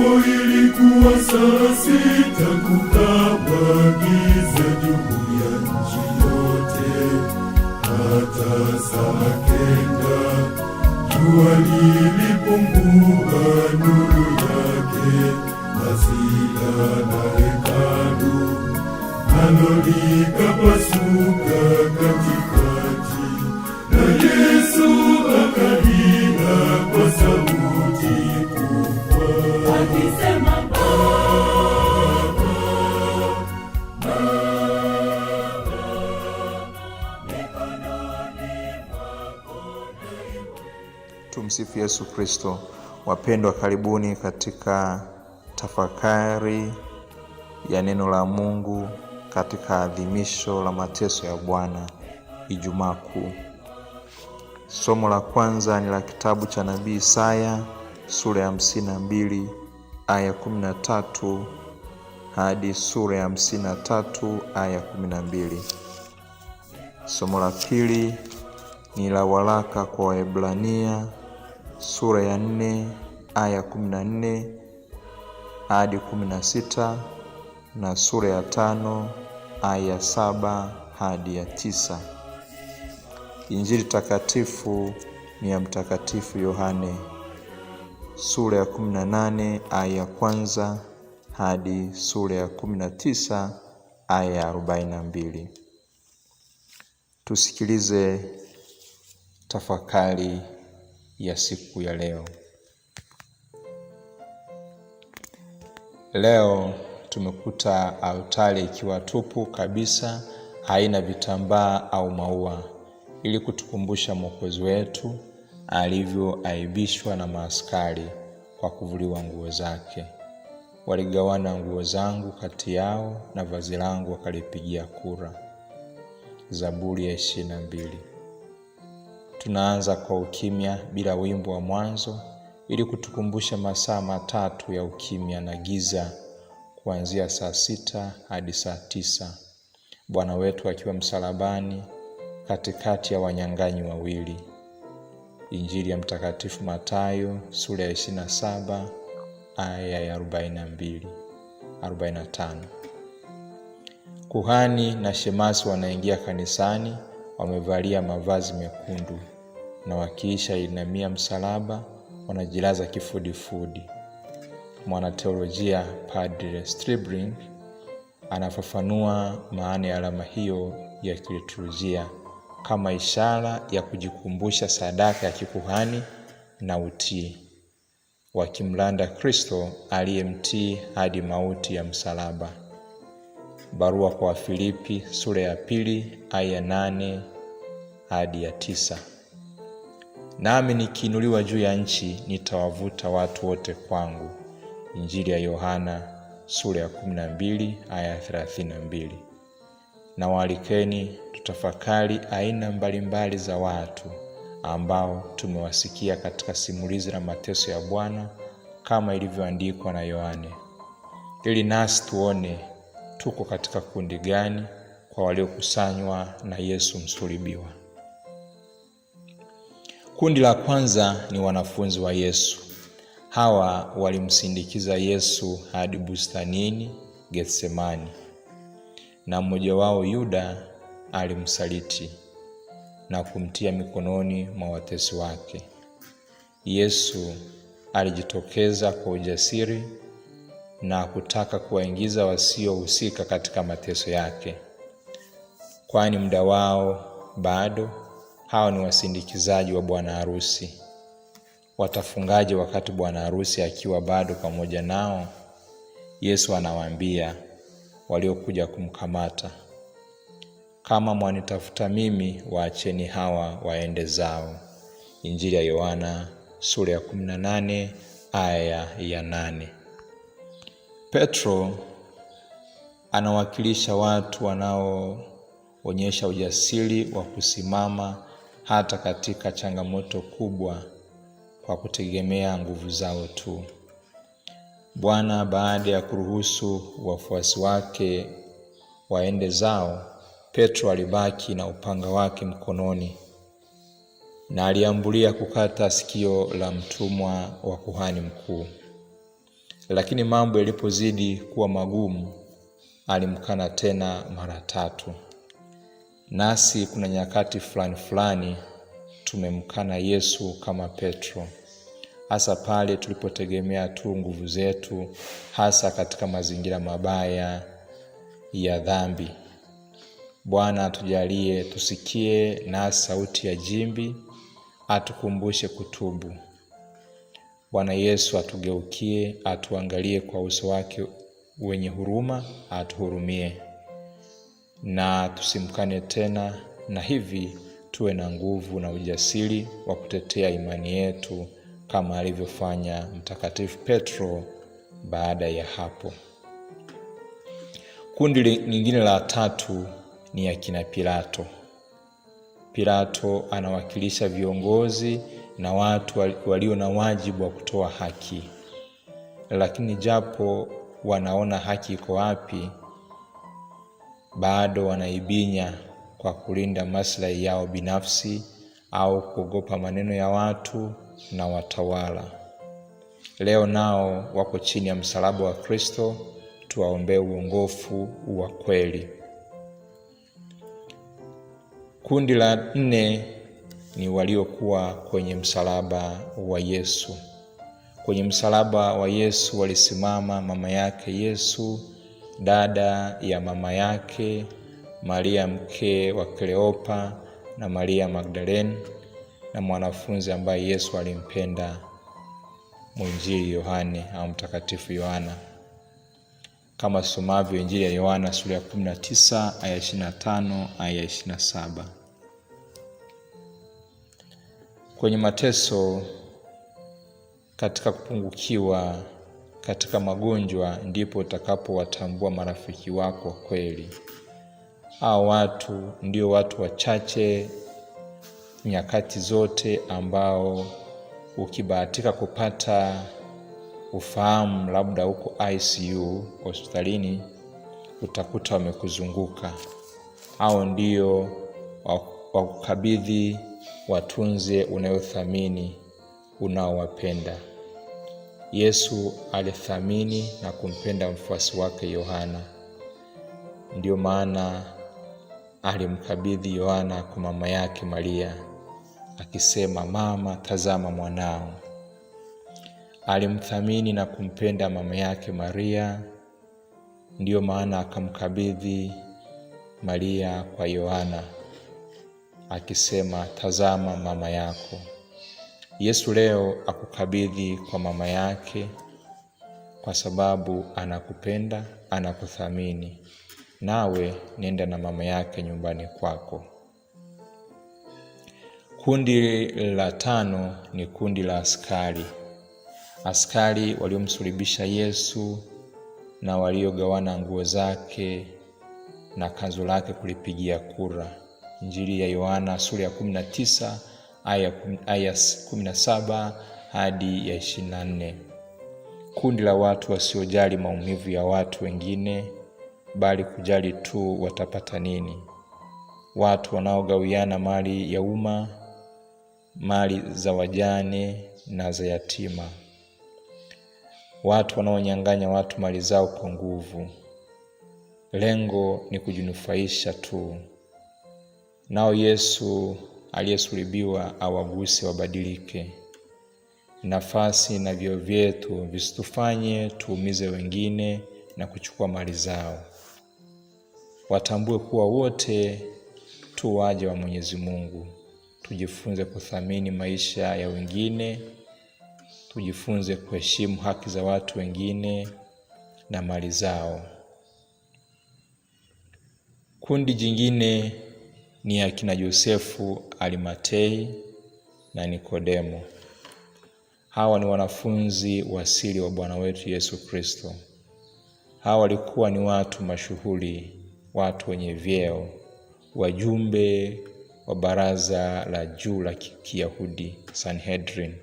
Hapo ilikuwa saa sita, kukawa giza juu ya nchi yote. Hata saa kenda jua lilipungua nuru yake, basi la hekalu nalo likapasuka. Tumsifu Yesu Kristo. Wapendwa, karibuni katika tafakari ya neno la Mungu katika adhimisho la mateso ya Bwana, Ijumaa Kuu. Somo la kwanza ni la kitabu cha nabii Isaya sura ya hamsini na mbili aya 13 hadi sura ya 53 aya 12. Somo la pili ni la waraka kwa Waebrania sura ya 4 aya 14 hadi 16 na sura ya tano aya ya saba hadi ya tisa. Injili takatifu ni ya Mtakatifu Yohane sura ya 18 aya ya kwanza hadi sura ya 19 aya ya 42. Tusikilize tafakari ya siku ya leo. Leo tumekuta altari ikiwa tupu kabisa, haina vitambaa au maua, ili kutukumbusha Mwokozi wetu alivyoaibishwa na maaskari kwa kuvuliwa nguo zake. Waligawana nguo zangu kati yao na vazi langu wakalipigia kura. Zaburi ya ishirini na mbili. Tunaanza kwa ukimya bila wimbo wa mwanzo ili kutukumbusha masaa matatu ya ukimya na giza kuanzia saa sita hadi saa tisa Bwana wetu akiwa msalabani katikati ya wanyang'anyi wawili. Injili ya Mtakatifu Mathayo sura ya 27 aya ya 42 45. Kuhani na shemasi wanaingia kanisani wamevalia mavazi mekundu na wakiisha inamia msalaba wanajilaza kifudifudi. Mwanateolojia Padre Stribling anafafanua maana ya alama hiyo ya kiliturujia kama ishara ya kujikumbusha sadaka ya kikuhani na utii, wakimlanda Kristo aliyemtii hadi mauti ya msalaba. Barua kwa Wafilipi sura ya pili aya nane hadi ya tisa. Nami nikiinuliwa juu ya nchi nitawavuta watu wote kwangu. Injili ya Yohana sura ya 12 aya 32 na walikeni tutafakari aina mbalimbali za watu ambao tumewasikia katika simulizi la mateso ya Bwana kama ilivyoandikwa na Yohane, ili nasi tuone tuko katika kundi gani kwa waliokusanywa na Yesu msulibiwa Kundi la kwanza ni wanafunzi wa Yesu. Hawa walimsindikiza Yesu hadi bustanini Getsemani na mmoja wao Yuda alimsaliti na kumtia mikononi mwa watesi wake. Yesu alijitokeza kwa ujasiri na kutaka kuwaingiza wasiohusika katika mateso yake, kwani muda wao bado. Hawa ni wasindikizaji wa bwana harusi. Watafungaje wakati bwana harusi akiwa bado pamoja nao? Yesu anawaambia waliokuja kumkamata. Kama mwanitafuta mimi, waacheni hawa waende zao. Injili ya Yohana sura ya 18 aya ya 8. Petro anawakilisha watu wanaoonyesha ujasiri wa kusimama hata katika changamoto kubwa kwa kutegemea nguvu zao tu. Bwana baada ya kuruhusu wafuasi wake waende zao, Petro alibaki na upanga wake mkononi na aliambulia kukata sikio la mtumwa wa kuhani mkuu. Lakini mambo yalipozidi kuwa magumu, alimkana tena mara tatu. Nasi kuna nyakati fulani fulani tumemkana Yesu kama Petro hasa pale tulipotegemea tu nguvu zetu, hasa katika mazingira mabaya ya dhambi. Bwana atujalie tusikie na sauti ya jimbi, atukumbushe kutubu. Bwana Yesu atugeukie, atuangalie kwa uso wake wenye huruma, atuhurumie na tusimkane tena, na hivi tuwe na nguvu na ujasiri wa kutetea imani yetu kama alivyofanya Mtakatifu Petro baada ya hapo. Kundi lingine la tatu ni akina Pilato. Pilato anawakilisha viongozi na watu walio na wajibu wa kutoa haki, lakini japo wanaona haki iko wapi, bado wanaibinya kwa kulinda maslahi yao binafsi au kuogopa maneno ya watu na watawala. Leo nao wako chini ya msalaba wa Kristo, tuwaombee uongofu wa kweli. Kundi la nne ni waliokuwa kwenye msalaba wa Yesu. Kwenye msalaba wa Yesu walisimama mama yake Yesu, dada ya mama yake, Maria mke wa Kleopa na Maria Magdalene na mwanafunzi ambaye Yesu alimpenda, mwinjili Yohane au mtakatifu Yohana, kama somavyo Injili ya Yohana sura ya 19 aya 25 aya 27. Kwenye mateso, katika kupungukiwa, katika magonjwa, ndipo utakapowatambua marafiki wako wa kweli. Hao watu ndio watu wachache nyakati zote ambao ukibahatika kupata ufahamu, labda huko ICU hospitalini, utakuta wamekuzunguka. Hao ndio wakukabidhi, watunze unayothamini, unaowapenda. Yesu alithamini na kumpenda mfuasi wake Yohana, ndiyo maana alimkabidhi Yohana kwa mama yake Maria akisema, mama, tazama mwanao. Alimthamini na kumpenda mama yake Maria, ndiyo maana akamkabidhi Maria kwa Yohana akisema, tazama mama yako. Yesu leo akukabidhi kwa mama yake kwa sababu anakupenda, anakuthamini. Nawe nenda na mama yake nyumbani kwako. Kundi la tano ni kundi la askari, askari waliomsulubisha Yesu na waliogawana nguo zake na kanzu lake kulipigia kura. Injili ya Yohana sura ya 19 aya ya 17 hadi ya 24. Kundi la watu wasiojali maumivu ya watu wengine, bali kujali tu watapata nini. Watu wanaogawiana mali ya umma mali za wajane na za yatima, watu wanaonyang'anya watu mali zao kwa nguvu. Lengo ni kujinufaisha tu, nao Yesu aliyesulibiwa awaguse wabadilike. Nafasi na vyeo vyetu visitufanye tuumize wengine na kuchukua mali zao. Watambue kuwa wote tu waja wa Mwenyezi Mungu tujifunze kuthamini maisha ya wengine, tujifunze kuheshimu haki za watu wengine na mali zao. Kundi jingine ni akina Yosefu, Alimatei na Nikodemo. Hawa ni wanafunzi wa wa Bwana wetu Yesu Kristo. Hawa walikuwa ni watu mashuhuri, watu wenye vyeo, wajumbe wa baraza la juu la Kiyahudi Sanhedrin.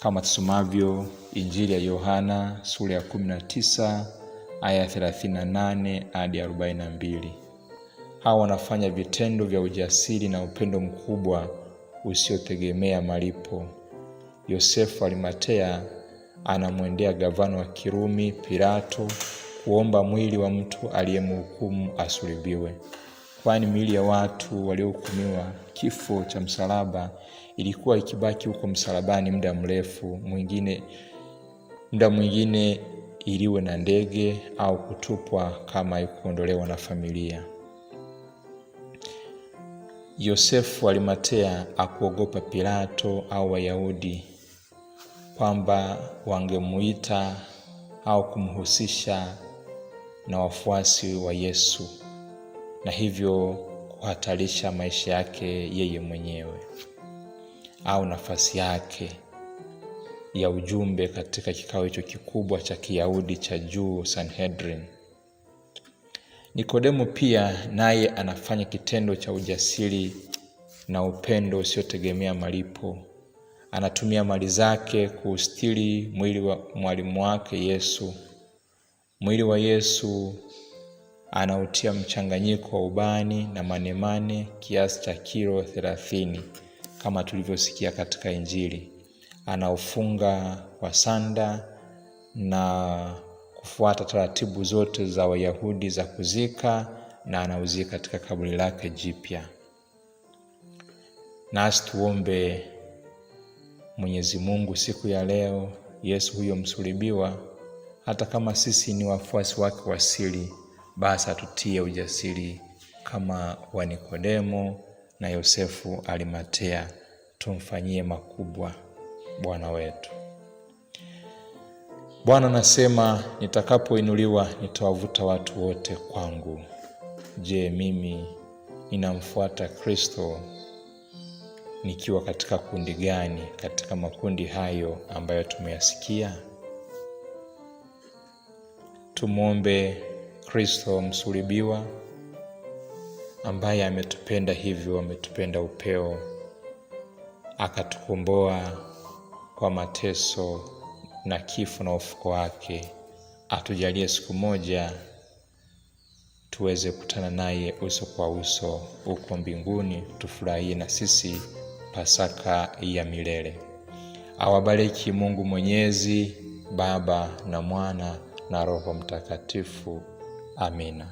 Kama tusomavyo Injili ya Yohana sura ya 19 aya 38 hadi 42. Hawa wanafanya vitendo vya ujasiri na upendo mkubwa usiotegemea malipo. Yosefu Arimatea anamwendea gavana wa Kirumi Pilato kuomba mwili wa mtu aliyemhukumu asulubiwe kwani miili ya watu waliohukumiwa kifo cha msalaba ilikuwa ikibaki huko msalabani muda mrefu mwingine, muda mwingine iliwe na ndege au kutupwa kama ikuondolewa na familia. Yosefu Arimatea akuogopa Pilato au Wayahudi kwamba wangemuita au kumhusisha na wafuasi wa Yesu na hivyo kuhatarisha maisha yake yeye mwenyewe au nafasi yake ya ujumbe katika kikao hicho kikubwa cha Kiyahudi cha juu Sanhedrin. Nikodemo pia naye anafanya kitendo cha ujasiri na upendo usiotegemea malipo. Anatumia mali zake kuustiri mwili wa mwalimu wake Yesu. Mwili wa Yesu anautia mchanganyiko wa ubani na manemane kiasi cha kilo thelathini kama tulivyosikia katika Injili. Anaufunga kwa sanda na kufuata taratibu zote za Wayahudi za kuzika na anauzika katika kaburi lake jipya. Nasi tuombe Mwenyezi Mungu siku ya leo, Yesu huyo msulibiwa, hata kama sisi ni wafuasi wake wa siri basi atutie ujasiri kama wa Nikodemo na Yosefu Arimatea, tumfanyie makubwa Bwana wetu. Bwana anasema nitakapoinuliwa nitawavuta watu wote kwangu. Je, mimi ninamfuata Kristo nikiwa katika kundi gani katika makundi hayo ambayo tumeyasikia? Tumwombe Kristo msulibiwa ambaye ametupenda hivyo, ametupenda upeo, akatukomboa kwa mateso na kifo na ufuko wake, atujalie siku moja tuweze kutana naye uso kwa uso huko mbinguni, tufurahie na sisi Pasaka ya milele. Awabariki Mungu Mwenyezi, Baba na Mwana na Roho Mtakatifu. Amina.